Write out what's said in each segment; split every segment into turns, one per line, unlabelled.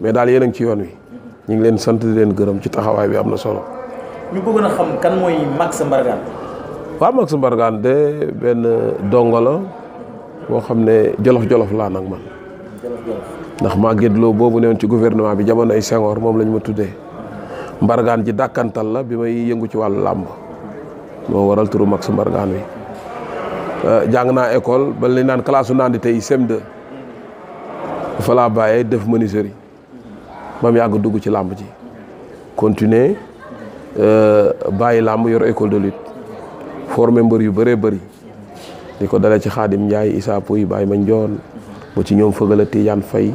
mais daal yéen ngi ci yoon wi ñu ngi leen sant di leen gërëm ci taxawaay bi am na solo.
ñu bëgg na xam kan mooy
Max Mbargane. waaw Max Mbargane de benn dongo la boo xam ne jolof jolof laa nag man. ndax maa géddloo boobu newoon ci gouvernement bi jamono ay Senghor moom lañ ma tuddee. Mbargane ji dàkkantal la bi may yëngu ci wàllu làmb moo waral turu Max Mbargane wi. Euh, jàng naa école ba li naan classe su naan di tey CM2 fa laa bàyyee def menuiserie. ba mu yàgg dugg ci làmb ji continuer euh, bàyyi làmb yor école de lutte formé mbër yu bëree bëri di ko dalee ci xaadim Ndiaye yi Pouye Baye Mandione ba ci ñoom Fëgala Tidiane Faye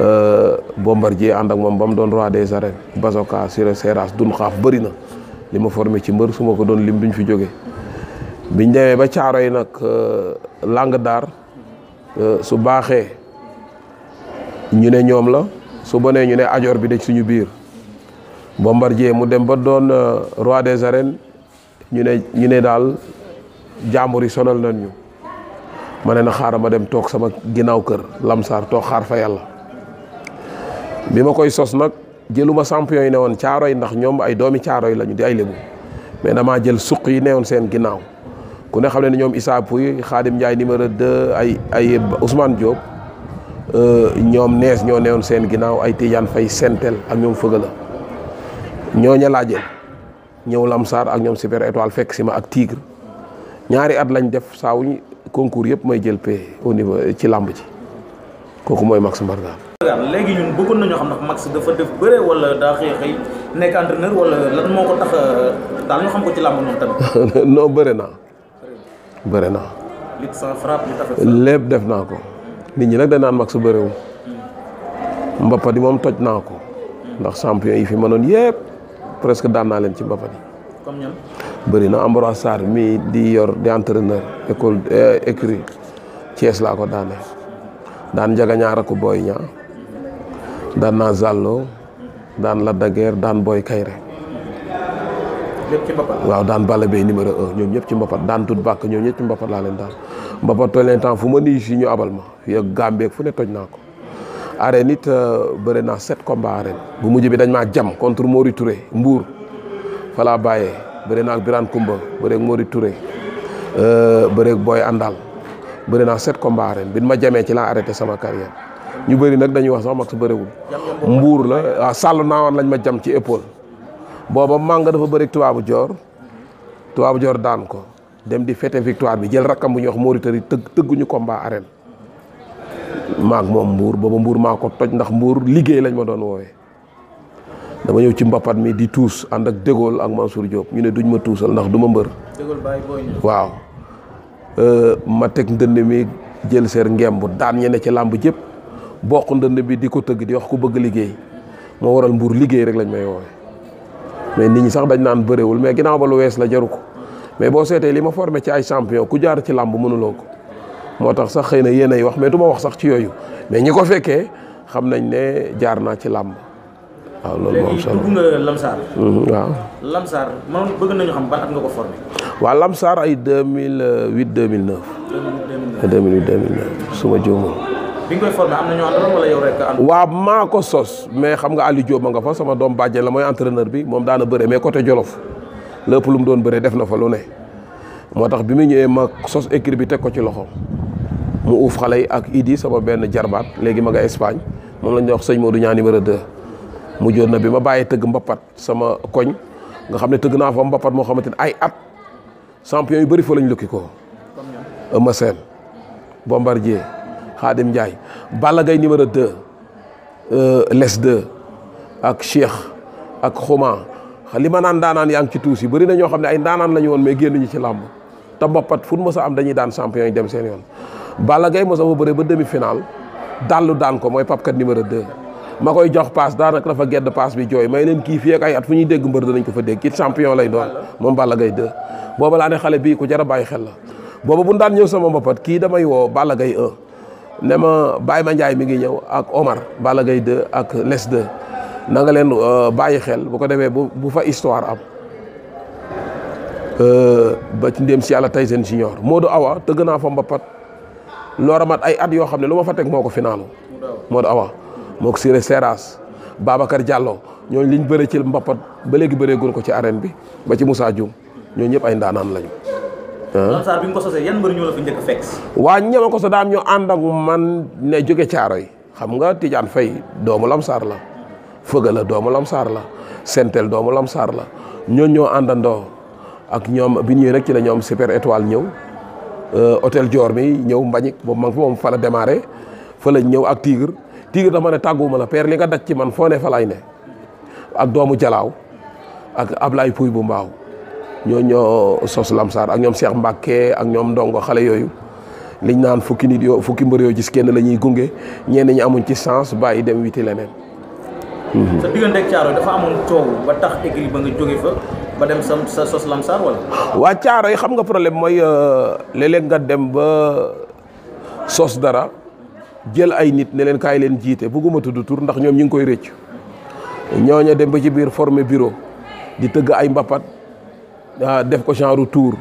euh, Bombardier ànd ak moom ba mu doon roi des arènes Bazoka Siré Seras dun xaaf bëri na li ma formé ci mbër suma ko doon lim duñ fi jóge biñ demee ba caaro yi nag euh, langue daar su baaxee ñu ne ñoom la su bonee ñu ne ajoor bi de suñu biir jee mu dem ba doon euh, roi des arènes ñu ne ñu ne daal jaambur yi sonal nañ ñu ma ne na xaaral ma dem toog sama ginnaaw kër lamsaar toog xaar fa yàlla bi ma koy sos nag jëluma champion yi ne woon caaro yi ndax ñoom ay doomi caaro yi lañu di ay lébu mais damaa jël suq yi ne woon seen ginnaaw ku ne xam ne na ñoom Issa yi Khadim Ndiaye numéro 2 ay ay Ousmane Diop Euh, ñoom nees ñoo neewoon seen ginnaaw ay Tidiane Faye Sentel ak ñoom Fëgala ñooña laa jël ñëw Lamsaar ak ñoom Super Étoile fekk si ma ak Tigre ñaari at lañ def saa wuñ concours yëpp may jël pay au niveau ci làmb ci kooku mooy Max Mbargane
léegi ñun bëggoon nañoo xam nag Max dafa def bëre wala daa xëy xëy nekk entraîneur wala lan moo ko tax euh, daal ñu xam ko ci làmb noonu
tamit. non bëre naa. bëre naa.
lutte lépp
def naa ko. nit ñi nag danaan naan mag su bëriwul mbappat yi moom toj naa ko ndax champion yi fi mënoon yëpp presque daan naa leen ci mbappat yi. comme ñoom. bëri na Ambroise Sarr mii di yor di entraîneur école euh, écurie Thiès laa ko daane daan Ndiaga Niang ak Boy Niang daan naa Zallo daan Lac de daan Boy Kayré. waaw daan Balla Beye numéro un ñëpp ci mbapat daan tut bàkk ñoom ñëpp ci mbapat laa leen daan mbapat tooy leen temps fu ma nii si ñu abal ma fii ak Gambeek fu ne toj naa ko arène it euh, bëri naa sept combats arène bu mujj bi dañ maa jam contre Mori Touré Mbour fa laa bëri naa ak Birane Kumba bëri ak Mori Touré euh, bëri ak bëri naa sept combats arène ma jamee ci laa arrêté sama carrière ñu bëri nag dañuy wax sax mag su bëriwul. Mbour la waaw sàll naawoon lañ ma jam ci épaule. booba Manga dafa bëri tubaabu joor tubaabu joor daan ko dem di fete victoire bi jël rakkam bu ñu wax Mauritanie tëgg tëgguñu combat arène maag moom mbuur booba mbuur maa ko toj ndax mbuur liggéey lañ ma doon woowe dama ñëw ci mbapat mi di tuus ànd ak De ak Mansour Diop ñu ne duñ ma tuusal ndax du ma mbër waaw euh, ma teg ndënd mi jël seer ngemb daan ñene ci làmb jëpp bokk ndënd bi di ko tëgg di wax ko bëgg liggéey moo waral mbuur liggéey rek lañ may woowee mais nit ñi sax dañ naan bëréwul mais ginnaaw ba lu wees la jaru ko mais boo seetee li ma forme ci ay champion ku jaar ci làmb mënuloo ko moo tax sax xëy na yéen ay wax mais du ma wax sax ci yooyu mais ñi ko fekkee xam nañ ne jaar naa ci làmb waaw loolu moom solo léegi hmm, waaw
Lamsar man bëgg nañu xam ban at nga ko formé.
waaw Lamsar ay 2008 bi waaw maa ko sos mais xam nga Aliou Diop ma nga fa sama doom bàjjen la mooy entraîneur bi moom daana bëre mais côté Jolof lépp lu mu doon bëree def na fa lu ne moo tax bi mu ñëwee ma sos écrit bi teg ko ci loxo mu uuf xale yi ak Idi sama benn jarbaat léegi ma nga Espagne moom la doon wax sëñ Modou Niang numéro 2 mu joon na bi ma bàyyi tëgg mbappat sama koñ nga xam ne tëgg naa fa mbappat moo xamante ne ay at champion yu bëri foo lañ lukki ko Eumeu Bombardier Khadim Ndiaye Balla Gaye numéro 2 euh, les 2 ak Cheikh ak Xuma li ma naan daanaan yaa ngi ci tuus yi bëri na ñoo xam ne ay ndaanaan la ñu woon mais génn ñu ci làmb te mbappat fu mu a am dañuy daan champion yi dem seen yoon Balla Gaye mos a fa bëre ba demi final dallu daan ko mooy papkat numéro 2 ma koy jox paas daanaka dafa gedd paas bi jooy may leen kii fii ak ay at fu ñuy dégg mbër danañ ko fa dégg ci champion lay doon moom Balla Gaye 2 booba laa xale bii ku jar a bàyyi xel la booba bu daan ñëw sama mbappat kii damay woo Balla Gaye ne ma Baye Mandiaye mi ngi ñëw ak Omar Balla Gaye 2 ak Les nanga na nga leen euh, bàyyi xel bu ko defee bu fa histoire am euh, ba ci ndéem si yàlla tey seen moo du Awa tëgg naa fa mbapat loora mat ay at yoo xam ne lu ma fa teg moo ko moo Modou Awa moo ko Siré Seras Babacar Diallo ñooñu liñ bëre ci mbapat ba léegi bëree bëreegul ko ci arène bi ba ci musaa Dioum ñooñ ñëpp ay ndaanaan lañu Lamp bi
nga ko sosee yan mbër ñoo la fi njëkk fekk.
waa ñama ko so daam ñu ànd ak man ne jóge caaro yi xam nga Tidiane Faye doomu Lamp Sarr la Fëga la doomu Lamp Sarr la Sentel doomu Lamp Sarr la ñoo ñoo àndandoo ak ñoom bi ñuy rek ci la ñoom super étoile ñëw euh, hôtel Dior mi ñëw Mbagnick boobu ma ngi fa moom fa la démarré fa la ñëw ak Tigre Tigre dafa ne tàgguwuma la per li nga daj ci man foo ne fa laay ne ak doomu Jalaaw ak Ablaye Pouy bu Mbaaw ñoo ñoo sos lamsaar ak ñoom seex Mbacke ak ñoom ndongo xale yooyu liñ naan fukki nit yoo fukki mbër yoo gis kenn la ñuy gunge ñenn ñi amuñ ci sens bàyyi dem witi leneen.
sa diggante ak Thiaroye dafa amoon coow ba tax écrit ba nga jóge fa ba dem sa sos lamsaar wala.
waa yi xam nga problème mooy euh, léeg-léeg nga dem ba sos dara jël ay nit ne leen kaay leen jiite bugguma tudd tur ndax ñoom ñu ngi koy rëcc ñooña dem ba ci biir former bureau di tëgg ay mbapat. Ah, def ko genre tour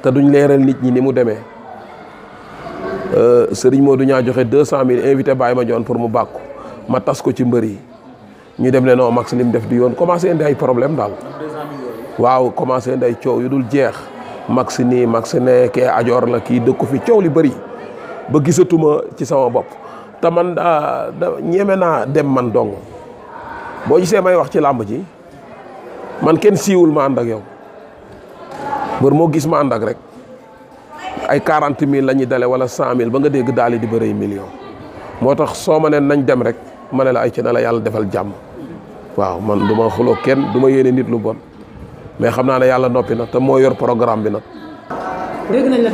te duñ leeral nit ñi ni mu demee euh, sëriñ Modou ñaa joxe deux cent mille invité Baye Mandione pour mu bàkku ma tas ko ci mbër yi ñu dem ne non max li def di yoon commencé indi ay problème daal waaw commencé indi ay coow yu dul jeex max nii max ne kee ajoor la kii dëkku fi coow li bëri ba gisatuma ci sama bopp te man da ñeme naa dem man dong boo gisee may wax ci làmb ji man kenn siiwul ma ànd ak yow mbër moo gis ma ànd ak rek ay quarante mille la ñuy dale wala cent mille ba nga dégg daali di bërëy million moo tax soo ma nañ dem rek ma ne la ay ci na la yàlla defal jàmm waaw man du ma xuloo kenn du ma yéene nit lu bon mais xam naa ne yàlla noppi na te moo yor programme bi nag.
waaw nañ la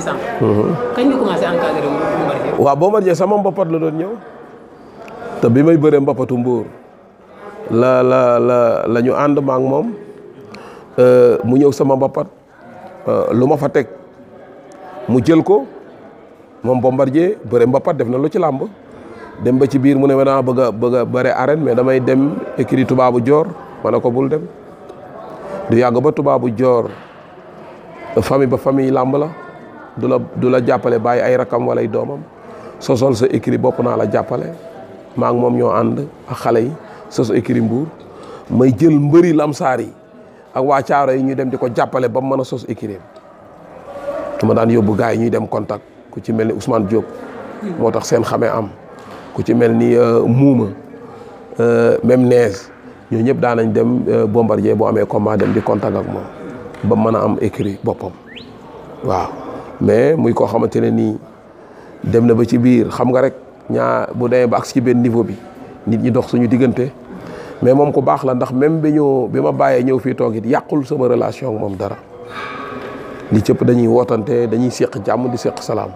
sax. Mhm. kañ
nga sama mbapat la doon ñëw te bi may bëree mbapatu mbuur la la la la ñu ànd ma moom. Euh, mu ñëw sama mbappat euh, lu ma fa teg mu jël ko moom Bombardier bëre mbappat def na lu ci làmb dem ba ci biir mu ne ma dama bëgg a bëgg a bëre damay dem écrit tubaabu joor ma ne ko bul dem du yàgg ba tubaabu joor famille ba famille làmb la du la du la jàppale bàyyi ay rakam wala ay doomam sosol sa écrit bopp naa la jàppale maa ngi moom ñoo ànd ak xale yi soso écrit mbuur may jël mbëri lamsaar yi ak waa caaro yi ñuy dem di ko jàppale ba mu mën a sos écurie su ma daan yóbbu gars yi ñuy dem contact ku ci mel ni Ousmane Diop moo tax seen xamee am ku ci mel ni euh, muuma euh, même nees ñoo ñëpp daan nañ dem euh, bombardier boo amee combat dem di contact ak moom ba mu mën a am écurie boppam waaw mais muy koo xamante ne nii dem na ba ci biir xam nga rek ñaa bu demee ba ak ci benn niveau bi nit ñi dox suñu diggante mais moom ku baax la ndax même bi ñu bi ma bàyyee ñëw fii toog it yàqul sama relation moom dara li cëpp dañuy wootante dañuy séq jàmm di séq salaam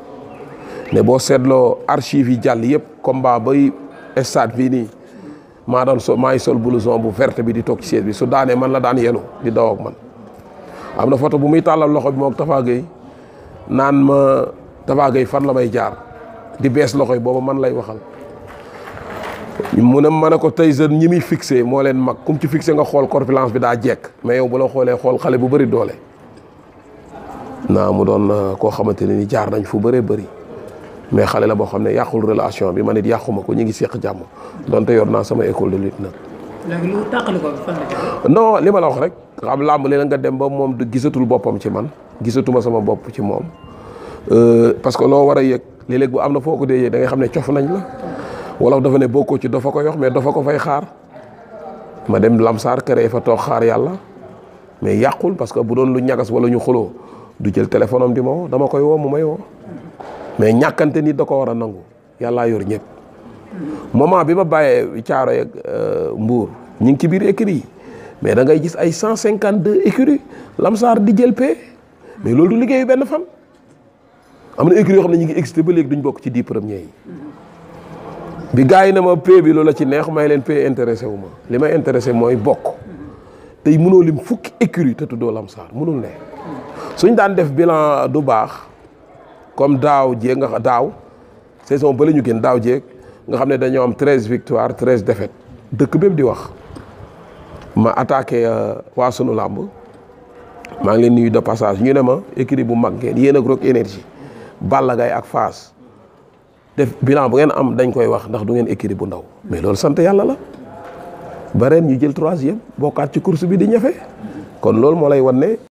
mais boo seetloo archives yi jàll yëpp combat bay stade fii nii maa doon so maay sol blouson bu verte bi di toog ci siège bi su daanee man la daan yenu di daw ak man am na photo bu muy tàllal loxo bi moom Tafa naan ma Tafa fan la may jaar di bees loxo yi booba man lay waxal mu ne ma ne ko tey jeune ñi muy fixé moo leen mag kum ci fixé nga xool corpulence bi daa jekk mais yow bu la xoolee xool xale bu bari doole naa mu doon euh, koo xamante ne ni jaar nañ fu bëree bari mais xale la boo xam ne yàqul relation bi ma man it ma ko ñu ngi seq jàmm donte yor naa sama école de lutte na léegi non li ma la wax rek xam làmb leen nga dem ba moom du gisatul boppam ci man gisatuma sama bopp ci moom euh, parce que loo war a yëg léeg-léeg bu am na foo ko dee da ngay xam ne cof nañ wolof dafa ne bokkoo ci dafa ko yox mais dafa ko fay xaar ma dem lamsaar këree fa toog xaar yàlla mais yàqul parce que bu doon lu ñagas wala ñu xuloo du jël téléphone am di ma dama koy woo mu may woo mais ñàkkante nit da ko war a nangu yàlla yor ñëpp moment bi ma bàyyee caaro yeeg euh, mbuur ñu ngi ci biir écurie yi mais da ngay gis ay cent cinquante deux écurie lamsaar di jël pee mais loolu du liggéeyu benn fan am na écurie yoo xam ne ñu ngi excité ba léegi duñ bokk ci dix premiers bi gars yi ne ma pay bi loola ci neex may leen pay intéressé wu ma li may intéressé mooy bokk tey mënoo lim fukki écurie te tuddoo Lamsaar mënul ne suñ daan def bilan du baax comme daaw jéeg nga daaw saison ba la ñu gën daaw jéeg nga xam ne dañoo am treize victoire treize défaites dëkk bépp di wax ma attaqué euh, waa sunu làmb maa ngi leen nuyu de passage ñu ne ma écurie bu mag ngeen yéen ak Rock Énergie Balla Gaye ak faas def bilan bu ngeen am dañ koy wax ndax du ngeen écurie bu ndaw mais loolu sant yàlla la ba ren ñu jël boo kaat ci course bi di ñafe kon loolu moo lay wan ne